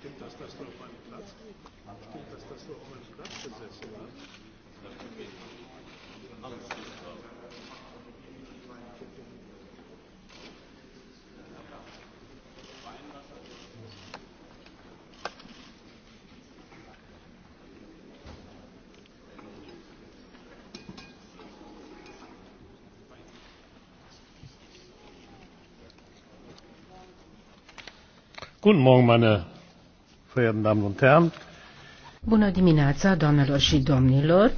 Stimmt das, dass du auf meinen Platz, stimmt das, dass du auf meinen Platz gesessen hast? Dafür geht alles nicht Guten Morgen, meine Bună dimineața, doamnelor și domnilor!